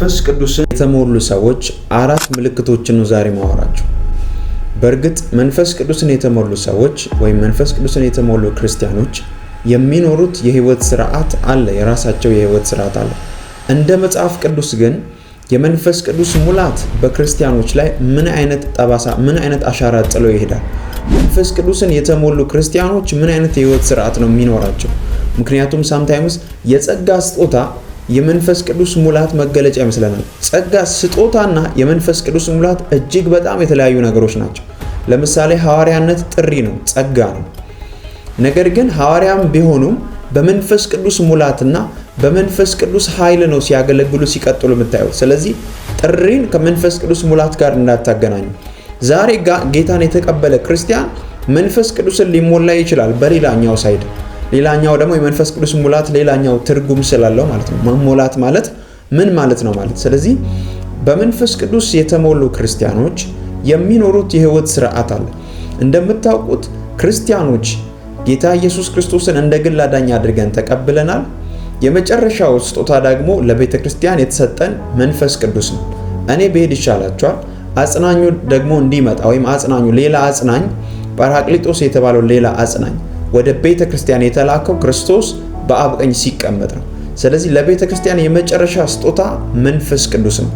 መንፈስ ቅዱስን የተሞሉ ሰዎች አራት ምልክቶችን ነው ዛሬ ማወራቸው። በእርግጥ መንፈስ ቅዱስን የተሞሉ ሰዎች ወይም መንፈስ ቅዱስን የተሞሉ ክርስቲያኖች የሚኖሩት የህይወት ስርዓት አለ፣ የራሳቸው የህይወት ስርዓት አለ። እንደ መጽሐፍ ቅዱስ ግን የመንፈስ ቅዱስ ሙላት በክርስቲያኖች ላይ ምን አይነት ጠባሳ፣ ምን አይነት አሻራ ጥሎ ይሄዳል? መንፈስ ቅዱስን የተሞሉ ክርስቲያኖች ምን አይነት የህይወት ስርዓት ነው የሚኖራቸው? ምክንያቱም ሳምታይምስ የጸጋ ስጦታ የመንፈስ ቅዱስ ሙላት መገለጫ ይመስለናል። ጸጋ፣ ስጦታና የመንፈስ ቅዱስ ሙላት እጅግ በጣም የተለያዩ ነገሮች ናቸው። ለምሳሌ ሐዋርያነት ጥሪ ነው፣ ጸጋ ነው። ነገር ግን ሐዋርያም ቢሆኑም በመንፈስ ቅዱስ ሙላትና በመንፈስ ቅዱስ ኃይል ነው ሲያገለግሉ ሲቀጥሉ የምታዩት። ስለዚህ ጥሪን ከመንፈስ ቅዱስ ሙላት ጋር እንዳታገናኙ። ዛሬ ጌታን የተቀበለ ክርስቲያን መንፈስ ቅዱስን ሊሞላ ይችላል በሌላኛው ሳይድ ሌላኛው ደግሞ የመንፈስ ቅዱስ ሙላት ሌላኛው ትርጉም ስላለው ማለት ነው። መሞላት ማለት ምን ማለት ነው ማለት ስለዚህ በመንፈስ ቅዱስ የተሞሉ ክርስቲያኖች የሚኖሩት የህይወት ስርዓት አለ። እንደምታውቁት ክርስቲያኖች ጌታ ኢየሱስ ክርስቶስን እንደ ግል አዳኝ አድርገን ተቀብለናል። የመጨረሻው ስጦታ ደግሞ ለቤተ ክርስቲያን የተሰጠን መንፈስ ቅዱስ ነው። እኔ ብሄድ ይሻላቸዋል፣ አጽናኙ ደግሞ እንዲመጣ ወይም አጽናኙ ሌላ አጽናኝ ጳራቅሊጦስ የተባለው ሌላ አጽናኝ ወደ ቤተ ክርስቲያን የተላከው ክርስቶስ በአብ ቀኝ ሲቀመጥ ነው። ስለዚህ ለቤተ ክርስቲያን የመጨረሻ ስጦታ መንፈስ ቅዱስ ነው።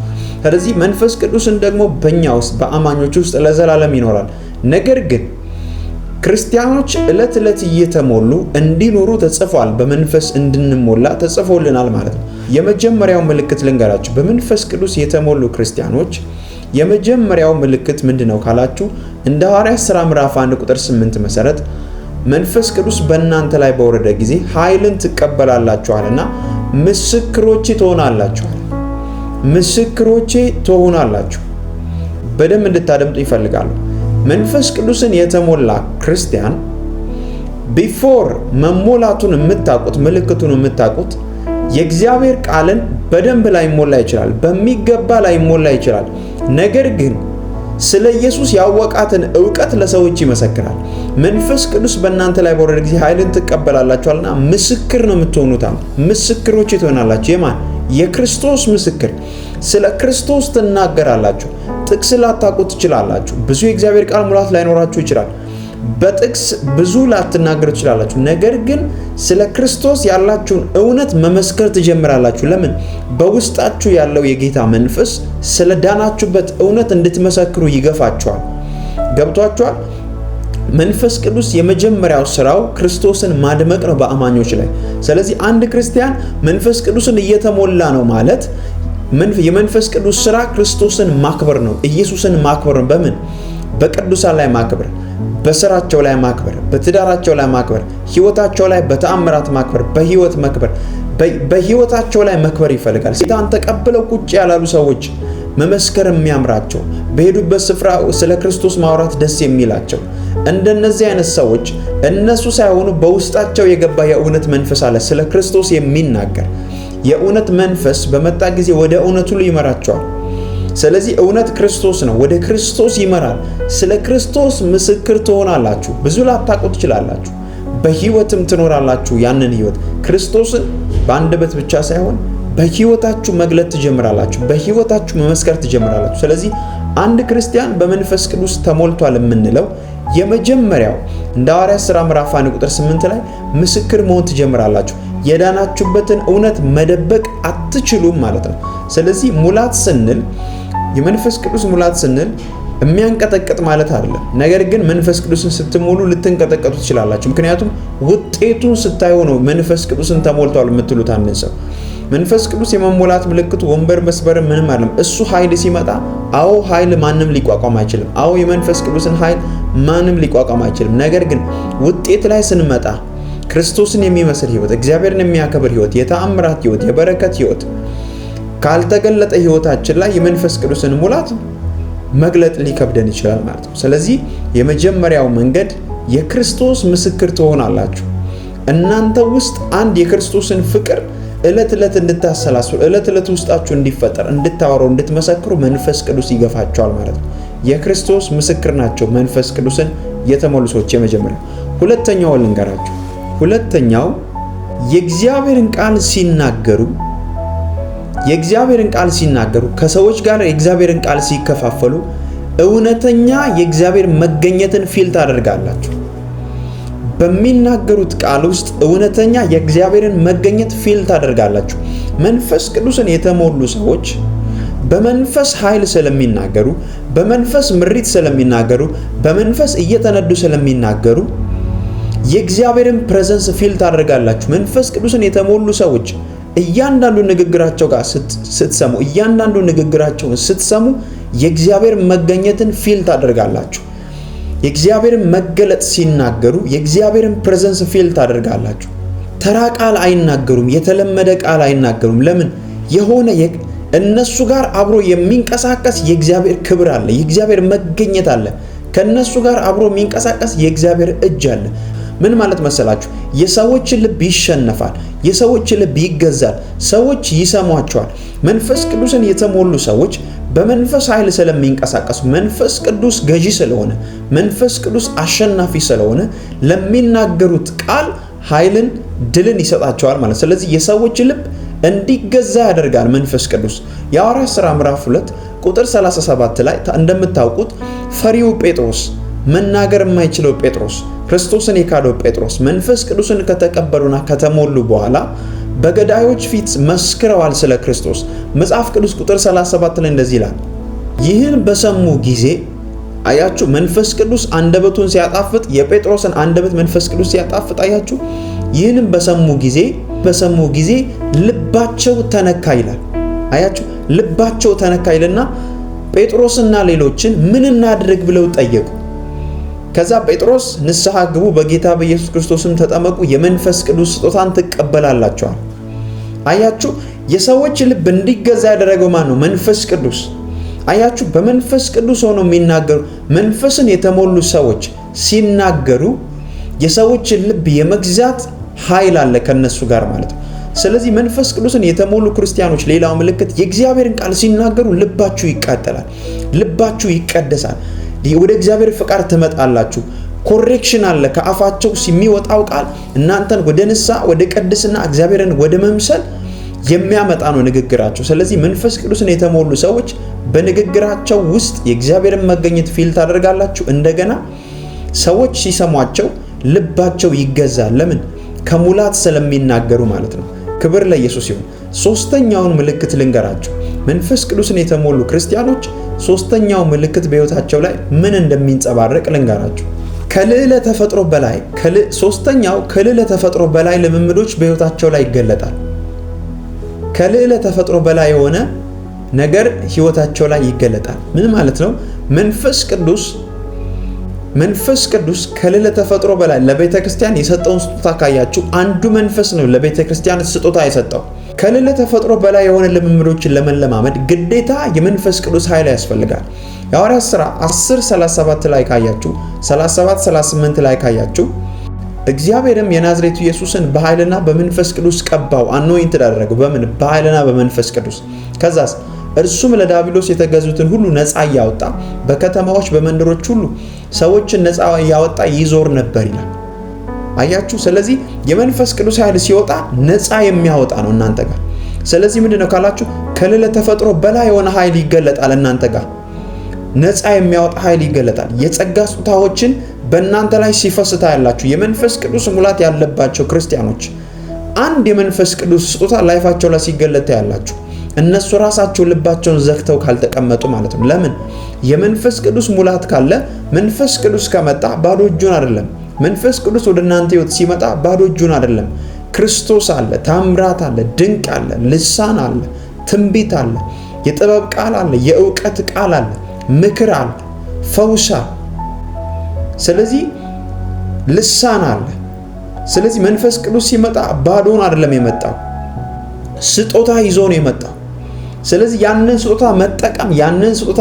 ስለዚህ መንፈስ ቅዱስን ደግሞ በእኛ ውስጥ በአማኞች ውስጥ ለዘላለም ይኖራል። ነገር ግን ክርስቲያኖች ዕለት ዕለት እየተሞሉ እንዲኖሩ ተጽፏል። በመንፈስ እንድንሞላ ተጽፎልናል ማለት ነው። የመጀመሪያው ምልክት ልንገራችሁ። በመንፈስ ቅዱስ የተሞሉ ክርስቲያኖች የመጀመሪያው ምልክት ምንድን ነው ካላችሁ እንደ ሐዋርያት ሥራ ምዕራፍ 1 ቁጥር 8 መሰረት መንፈስ ቅዱስ በእናንተ ላይ በወረደ ጊዜ ኃይልን ትቀበላላችኋልና ምስክሮቼ ትሆናላችኋል። ምስክሮቼ ትሆናላችሁ። በደንብ እንድታደምጡ ይፈልጋሉ። መንፈስ ቅዱስን የተሞላ ክርስቲያን ቢፎር መሞላቱን የምታውቁት ምልክቱን የምታውቁት የእግዚአብሔር ቃልን በደንብ ላይ ሞላ ይችላል፣ በሚገባ ላይ ሞላ ይችላል። ነገር ግን ስለ ኢየሱስ ያወቃትን እውቀት ለሰዎች ይመሰክራል። መንፈስ ቅዱስ በእናንተ ላይ በወረደ ጊዜ ኃይልን ትቀበላላችኋልና ምስክር ነው የምትሆኑት። ምስክሮች ትሆናላችሁ። የማን የክርስቶስ ምስክር። ስለ ክርስቶስ ትናገራላችሁ። ጥቅስ ላታውቁ ትችላላችሁ። ብዙ የእግዚአብሔር ቃል ሙላት ላይኖራችሁ ይችላል። በጥቅስ ብዙ ላትናገር ትችላላችሁ። ነገር ግን ስለ ክርስቶስ ያላችሁን እውነት መመስከር ትጀምራላችሁ። ለምን? በውስጣችሁ ያለው የጌታ መንፈስ ስለ ዳናችሁበት እውነት እንድትመሰክሩ ይገፋችኋል። ገብቷችኋል? መንፈስ ቅዱስ የመጀመሪያው ስራው ክርስቶስን ማድመቅ ነው በአማኞች ላይ። ስለዚህ አንድ ክርስቲያን መንፈስ ቅዱስን እየተሞላ ነው ማለት የመንፈስ ቅዱስ ስራ ክርስቶስን ማክበር ነው፣ ኢየሱስን ማክበር ነው። በምን? በቅዱሳን ላይ ማክበር በስራቸው ላይ ማክበር፣ በትዳራቸው ላይ ማክበር፣ ህይወታቸው ላይ በተአምራት ማክበር፣ በህይወት መክበር፣ በህይወታቸው ላይ መክበር ይፈልጋል። ጌታን ተቀብለው ቁጭ ያላሉ ሰዎች መመስከር የሚያምራቸው በሄዱበት ስፍራ ስለ ክርስቶስ ማውራት ደስ የሚላቸው እንደነዚህ አይነት ሰዎች እነሱ ሳይሆኑ በውስጣቸው የገባ የእውነት መንፈስ አለ፣ ስለ ክርስቶስ የሚናገር የእውነት መንፈስ በመጣ ጊዜ ወደ እውነት ሁሉ ይመራቸዋል። ስለዚህ እውነት ክርስቶስ ነው። ወደ ክርስቶስ ይመራል። ስለ ክርስቶስ ምስክር ትሆናላችሁ። ብዙ ላታውቁ ትችላላችሁ፣ በህይወትም ትኖራላችሁ። ያንን ህይወት ክርስቶስን በአንደበት ብቻ ሳይሆን በህይወታችሁ መግለጥ ትጀምራላችሁ። በህይወታችሁ መመስከር ትጀምራላችሁ። ስለዚህ አንድ ክርስቲያን በመንፈስ ቅዱስ ተሞልቷል የምንለው የመጀመሪያው እንደ ሐዋርያት ሥራ ምዕራፍ 1 ቁጥር 8 ላይ ምስክር መሆን ትጀምራላችሁ። የዳናችሁበትን እውነት መደበቅ አትችሉም ማለት ነው። ስለዚህ ሙላት ስንል የመንፈስ ቅዱስ ሙላት ስንል የሚያንቀጠቅጥ ማለት አይደለም። ነገር ግን መንፈስ ቅዱስን ስትሞሉ ልትንቀጠቀጡ ትችላላችሁ። ምክንያቱም ውጤቱን ስታዩ ነው መንፈስ ቅዱስን ተሞልቷል የምትሉት። አንድን ሰው መንፈስ ቅዱስ የመሞላት ምልክቱ ወንበር መስበር ምንም አይደለም። እሱ ኃይል ሲመጣ፣ አዎ ኃይል ማንም ሊቋቋም አይችልም። አዎ የመንፈስ ቅዱስን ኃይል ማንም ሊቋቋም አይችልም። ነገር ግን ውጤት ላይ ስንመጣ ክርስቶስን የሚመስል ህይወት፣ እግዚአብሔርን የሚያከብር ህይወት፣ የተአምራት ህይወት፣ የበረከት ህይወት ካልተገለጠ ህይወታችን ላይ የመንፈስ ቅዱስን ሙላት መግለጥ ሊከብደን ይችላል ማለት ነው። ስለዚህ የመጀመሪያው መንገድ የክርስቶስ ምስክር ትሆናላችሁ። እናንተ ውስጥ አንድ የክርስቶስን ፍቅር እለት እለት እንድታሰላስሉ እለት እለት ውስጣችሁ እንዲፈጠር እንድታወረው እንድትመሰክሩ መንፈስ ቅዱስ ይገፋቸዋል ማለት ነው። የክርስቶስ ምስክር ናቸው። መንፈስ ቅዱስን የተሞሉ ሰዎች የመጀመሪያ ሁለተኛው ልንገራችሁ። ሁለተኛው የእግዚአብሔርን ቃል ሲናገሩ የእግዚአብሔርን ቃል ሲናገሩ ከሰዎች ጋር የእግዚአብሔርን ቃል ሲከፋፈሉ እውነተኛ የእግዚአብሔር መገኘትን ፊል ታደርጋላችሁ። በሚናገሩት ቃል ውስጥ እውነተኛ የእግዚአብሔርን መገኘት ፊል ታደርጋላችሁ። መንፈስ ቅዱስን የተሞሉ ሰዎች በመንፈስ ኃይል ስለሚናገሩ፣ በመንፈስ ምሪት ስለሚናገሩ፣ በመንፈስ እየተነዱ ስለሚናገሩ የእግዚአብሔርን ፕሬዘንስ ፊል ታደርጋላችሁ። መንፈስ ቅዱስን የተሞሉ ሰዎች እያንዳንዱ ንግግራቸው ጋር ስትሰሙ እያንዳንዱ ንግግራቸውን ስትሰሙ የእግዚአብሔር መገኘትን ፊል ታደርጋላችሁ። የእግዚአብሔርን መገለጥ ሲናገሩ የእግዚአብሔርን ፕሬዘንስ ፊል ታደርጋላችሁ። ተራ ቃል አይናገሩም። የተለመደ ቃል አይናገሩም። ለምን? የሆነ እነሱ ጋር አብሮ የሚንቀሳቀስ የእግዚአብሔር ክብር አለ። የእግዚአብሔር መገኘት አለ። ከነሱ ጋር አብሮ የሚንቀሳቀስ የእግዚአብሔር እጅ አለ። ምን ማለት መሰላችሁ? የሰዎች ልብ ይሸነፋል፣ የሰዎች ልብ ይገዛል፣ ሰዎች ይሰሟቸዋል። መንፈስ ቅዱስን የተሞሉ ሰዎች በመንፈስ ኃይል ስለሚንቀሳቀሱ መንፈስ ቅዱስ ገዢ ስለሆነ መንፈስ ቅዱስ አሸናፊ ስለሆነ ለሚናገሩት ቃል ኃይልን፣ ድልን ይሰጣቸዋል ማለት። ስለዚህ የሰዎች ልብ እንዲገዛ ያደርጋል መንፈስ ቅዱስ። የሐዋርያት ሥራ ምዕራፍ 2 ቁጥር 37 ላይ እንደምታውቁት ፈሪው ጴጥሮስ መናገር የማይችለው ጴጥሮስ፣ ክርስቶስን የካደው ጴጥሮስ መንፈስ ቅዱስን ከተቀበሉና ከተሞሉ በኋላ በገዳዮች ፊት መስክረዋል ስለ ክርስቶስ። መጽሐፍ ቅዱስ ቁጥር 37 ላይ እንደዚህ ይላል፣ ይህን በሰሙ ጊዜ አያችሁ፣ መንፈስ ቅዱስ አንደበቱን ሲያጣፍጥ፣ የጴጥሮስን አንደበት መንፈስ ቅዱስ ሲያጣፍጥ አያችሁ። ይህንም በሰሙ ጊዜ በሰሙ ጊዜ ልባቸው ተነካ ይላል። አያችሁ፣ ልባቸው ተነካ ይልና ጴጥሮስና ሌሎችን ምን እናድርግ ብለው ጠየቁ። ከዛ ጴጥሮስ ንስሐ ግቡ፣ በጌታ በኢየሱስ ክርስቶስም ተጠመቁ፣ የመንፈስ ቅዱስ ስጦታን ትቀበላላቸዋል። አያችሁ፣ የሰዎች ልብ እንዲገዛ ያደረገው ማን ነው? መንፈስ ቅዱስ። አያችሁ፣ በመንፈስ ቅዱስ ሆኖ የሚናገሩ መንፈስን የተሞሉ ሰዎች ሲናገሩ የሰዎችን ልብ የመግዛት ኃይል አለ ከነሱ ጋር ማለት ነው። ስለዚህ መንፈስ ቅዱስን የተሞሉ ክርስቲያኖች ሌላው ምልክት የእግዚአብሔርን ቃል ሲናገሩ ልባችሁ ይቃጠላል፣ ልባችሁ ይቀደሳል። ወደ እግዚአብሔር ፍቃድ ትመጣላችሁ። ኮሬክሽን አለ። ከአፋቸው የሚወጣው ቃል እናንተን ወደ ንሳ ወደ ቅድስና፣ እግዚአብሔርን ወደ መምሰል የሚያመጣ ነው ንግግራቸው። ስለዚህ መንፈስ ቅዱስን የተሞሉ ሰዎች በንግግራቸው ውስጥ የእግዚአብሔርን መገኘት ፊል ታደርጋላችሁ። እንደገና ሰዎች ሲሰሟቸው ልባቸው ይገዛል። ለምን? ከሙላት ስለሚናገሩ ማለት ነው። ክብር ለኢየሱስ ይሁን። ሶስተኛውን ምልክት ልንገራችሁ። መንፈስ ቅዱስን የተሞሉ ክርስቲያኖች ሶስተኛው ምልክት በህይወታቸው ላይ ምን እንደሚንጸባረቅ ልንገራችሁ። ከልዕለ ተፈጥሮ በላይ ሶስተኛው ከልዕለ ተፈጥሮ በላይ ልምምዶች በህይወታቸው ላይ ይገለጣል። ከልዕለ ተፈጥሮ በላይ የሆነ ነገር ህይወታቸው ላይ ይገለጣል። ምን ማለት ነው? መንፈስ ቅዱስ መንፈስ ቅዱስ ከልዕለ ተፈጥሮ በላይ ለቤተ ክርስቲያን የሰጠውን ስጦታ ካያችሁ አንዱ መንፈስ ነው ለቤተ ክርስቲያን ስጦታ የሰጠው። ከሌለ ተፈጥሮ በላይ የሆነ ልምምዶችን ለመለማመድ ግዴታ የመንፈስ ቅዱስ ኃይል ያስፈልጋል። የሐዋርያት ሥራ 10 37 ላይ ካያችሁ 37 38 ላይ ካያችሁ እግዚአብሔርም የናዝሬቱ ኢየሱስን በኃይልና በመንፈስ ቅዱስ ቀባው፣ አኖይንት አደረገው። በምን? በኃይልና በመንፈስ ቅዱስ። ከዛስ እርሱም ለዲያብሎስ የተገዙትን ሁሉ ነፃ እያወጣ በከተማዎች በመንደሮች ሁሉ ሰዎችን ነፃ እያወጣ ይዞር ነበር ይላል። አያችሁ። ስለዚህ የመንፈስ ቅዱስ ኃይል ሲወጣ ነፃ የሚያወጣ ነው እናንተ ጋር። ስለዚህ ምንድነው ካላችሁ ከሌለ ተፈጥሮ በላይ የሆነ ኃይል ይገለጣል እናንተ ጋር ነፃ የሚያወጣ ኃይል ይገለጣል። የጸጋ ስጦታዎችን በእናንተ ላይ ሲፈስታ ያላችሁ የመንፈስ ቅዱስ ሙላት ያለባቸው ክርስቲያኖች አንድ የመንፈስ ቅዱስ ስጦታ ላይፋቸው ላይ ሲገለጥ ያላችሁ እነሱ ራሳቸው ልባቸውን ዘግተው ካልተቀመጡ ማለት ነው። ለምን? የመንፈስ ቅዱስ ሙላት ካለ መንፈስ ቅዱስ ከመጣ ባዶ እጁን አይደለም። መንፈስ ቅዱስ ወደ እናንተ ህይወት ሲመጣ ባዶ እጁን አይደለም። ክርስቶስ አለ፣ ታምራት አለ፣ ድንቅ አለ፣ ልሳን አለ፣ ትንቢት አለ፣ የጥበብ ቃል አለ፣ የእውቀት ቃል አለ፣ ምክር አለ፣ ፈውሳ ስለዚህ ልሳን አለ። ስለዚህ መንፈስ ቅዱስ ሲመጣ ባዶን አይደለም የመጣው፣ ስጦታ ይዞ ነው የመጣው። ስለዚህ ያንን ስጦታ መጠቀም ያንን ስጦታ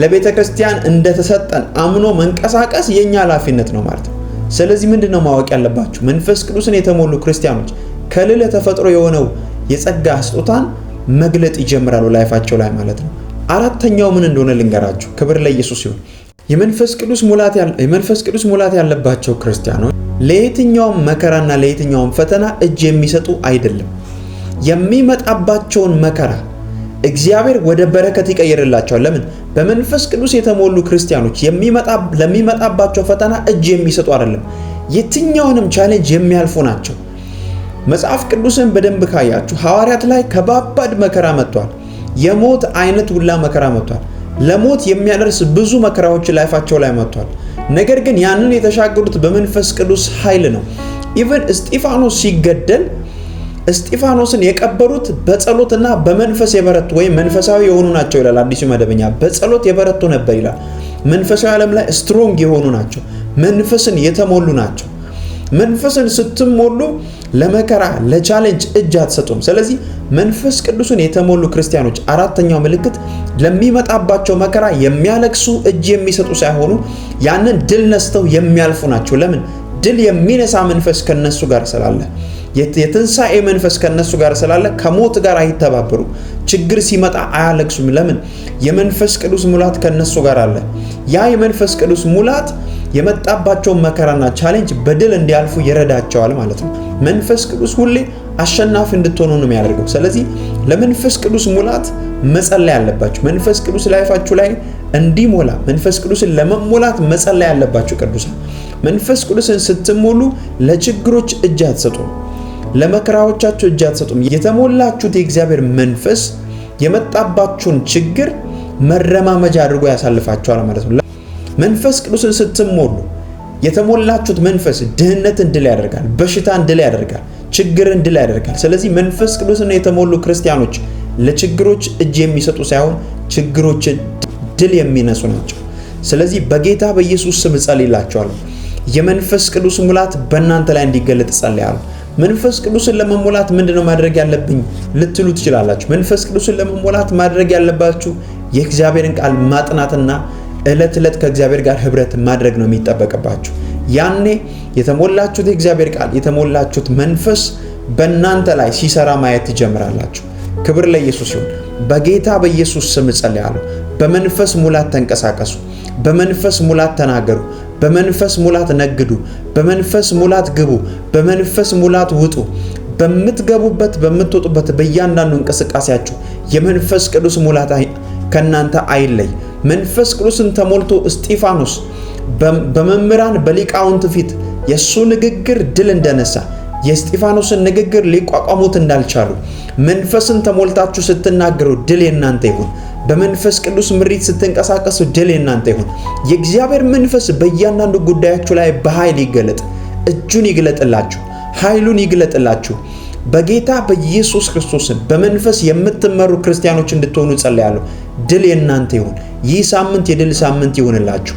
ለቤተ ክርስቲያን እንደተሰጠን አምኖ መንቀሳቀስ የእኛ ኃላፊነት ነው ማለት ነው። ስለዚህ ምንድነው ማወቅ ያለባችሁ? መንፈስ ቅዱስን የተሞሉ ክርስቲያኖች ከልለ ተፈጥሮ የሆነው የጸጋ ስጦታን መግለጥ ይጀምራሉ ላይፋቸው ላይ ማለት ነው። አራተኛው ምን እንደሆነ ልንገራችሁ። ክብር ለኢየሱስ ይሁን። የመንፈስ ቅዱስ ሙላት የመንፈስ ቅዱስ ሙላት ያለባቸው ክርስቲያኖች ለየትኛውም መከራና ለየትኛውም ፈተና እጅ የሚሰጡ አይደለም። የሚመጣባቸውን መከራ እግዚአብሔር ወደ በረከት ይቀይርላቸዋል። ለምን? በመንፈስ ቅዱስ የተሞሉ ክርስቲያኖች ለሚመጣባቸው ፈተና እጅ የሚሰጡ አይደለም፣ የትኛውንም ቻሌንጅ የሚያልፉ ናቸው። መጽሐፍ ቅዱስን በደንብ ካያችሁ ሐዋርያት ላይ ከባባድ መከራ መጥቷል። የሞት አይነት ሁላ መከራ መጥቷል። ለሞት የሚያደርስ ብዙ መከራዎች ላይፋቸው ላይ መጥቷል። ነገር ግን ያንን የተሻገሩት በመንፈስ ቅዱስ ኃይል ነው። ኢቨን እስጢፋኖስ ሲገደል እስጢፋኖስን የቀበሩት በጸሎትና በመንፈስ የበረቱ ወይም መንፈሳዊ የሆኑ ናቸው ይላል አዲሱ መደበኛ። በጸሎት የበረቱ ነበር ይላል። መንፈሳዊ ዓለም ላይ ስትሮንግ የሆኑ ናቸው። መንፈስን የተሞሉ ናቸው። መንፈስን ስትሞሉ ለመከራ ለቻሌንጅ እጅ አትሰጡም። ስለዚህ መንፈስ ቅዱስን የተሞሉ ክርስቲያኖች አራተኛው ምልክት ለሚመጣባቸው መከራ የሚያለቅሱ እጅ የሚሰጡ ሳይሆኑ ያንን ድል ነስተው የሚያልፉ ናቸው። ለምን? ድል የሚነሳ መንፈስ ከነሱ ጋር ስላለ። የትንሣኤ መንፈስ ከነሱ ጋር ስላለ ከሞት ጋር አይተባበሩ ችግር ሲመጣ አያለቅሱም። ለምን? የመንፈስ ቅዱስ ሙላት ከነሱ ጋር አለ። ያ የመንፈስ ቅዱስ ሙላት የመጣባቸውን መከራና ቻሌንጅ በድል እንዲያልፉ ይረዳቸዋል ማለት ነው። መንፈስ ቅዱስ ሁሌ አሸናፊ እንድትሆኑ ነው የሚያደርገው። ስለዚህ ለመንፈስ ቅዱስ ሙላት መጸለይ አለባችሁ። መንፈስ ቅዱስ ላይፋችሁ ላይ እንዲሞላ መንፈስ ቅዱስን ለመሞላት መጸለይ አለባችሁ። ቅዱሳን መንፈስ ቅዱስን ስትሞሉ ለችግሮች እጅ አትሰጡ። ለመከራዎቻችሁ እጅ አትሰጡም። የተሞላችሁት የእግዚአብሔር መንፈስ የመጣባችሁን ችግር መረማመጃ አድርጎ ያሳልፋችኋል ማለት ነው። መንፈስ ቅዱስን ስትሞሉ የተሞላችሁት መንፈስ ድህነትን ድል ያደርጋል፣ በሽታን ድል ያደርጋል፣ ችግርን ድል ያደርጋል። ስለዚህ መንፈስ ቅዱስን የተሞሉ ክርስቲያኖች ለችግሮች እጅ የሚሰጡ ሳይሆን ችግሮችን ድል የሚነሱ ናቸው። ስለዚህ በጌታ በኢየሱስ ስም እጸልይላችኋለሁ። የመንፈስ ቅዱስ ሙላት በእናንተ ላይ እንዲገለጥ እጸልያለሁ። መንፈስ ቅዱስን ለመሞላት ምንድነው ማድረግ ያለብኝ ልትሉ ትችላላችሁ። መንፈስ ቅዱስን ለመሞላት ማድረግ ያለባችሁ የእግዚአብሔርን ቃል ማጥናትና እለት እለት ከእግዚአብሔር ጋር ህብረት ማድረግ ነው የሚጠበቅባችሁ። ያኔ የተሞላችሁት የእግዚአብሔር ቃል የተሞላችሁት መንፈስ በእናንተ ላይ ሲሰራ ማየት ትጀምራላችሁ። ክብር ለኢየሱስ ይሁን። በጌታ በኢየሱስ ስም እጸልያለሁ። በመንፈስ ሙላት ተንቀሳቀሱ። በመንፈስ ሙላት ተናገሩ። በመንፈስ ሙላት ነግዱ፣ በመንፈስ ሙላት ግቡ፣ በመንፈስ ሙላት ውጡ። በምትገቡበት በምትወጡበት በእያንዳንዱ እንቅስቃሴያችሁ የመንፈስ ቅዱስ ሙላት ከእናንተ አይለይ። መንፈስ ቅዱስን ተሞልቶ እስጢፋኖስ በመምህራን በሊቃውንት ፊት የእሱ ንግግር ድል እንደነሳ የእስጢፋኖስን ንግግር ሊቋቋሙት እንዳልቻሉ መንፈስን ተሞልታችሁ ስትናገሩ ድል የናንተ ይሁን። በመንፈስ ቅዱስ ምሪት ስትንቀሳቀሱ ድል የናንተ ይሁን። የእግዚአብሔር መንፈስ በእያንዳንዱ ጉዳያችሁ ላይ በኃይል ይገለጥ። እጁን ይግለጥላችሁ፣ ኃይሉን ይግለጥላችሁ። በጌታ በኢየሱስ ክርስቶስን በመንፈስ የምትመሩ ክርስቲያኖች እንድትሆኑ ጸልያለሁ። ድል የናንተ ይሁን። ይህ ሳምንት የድል ሳምንት ይሁንላችሁ።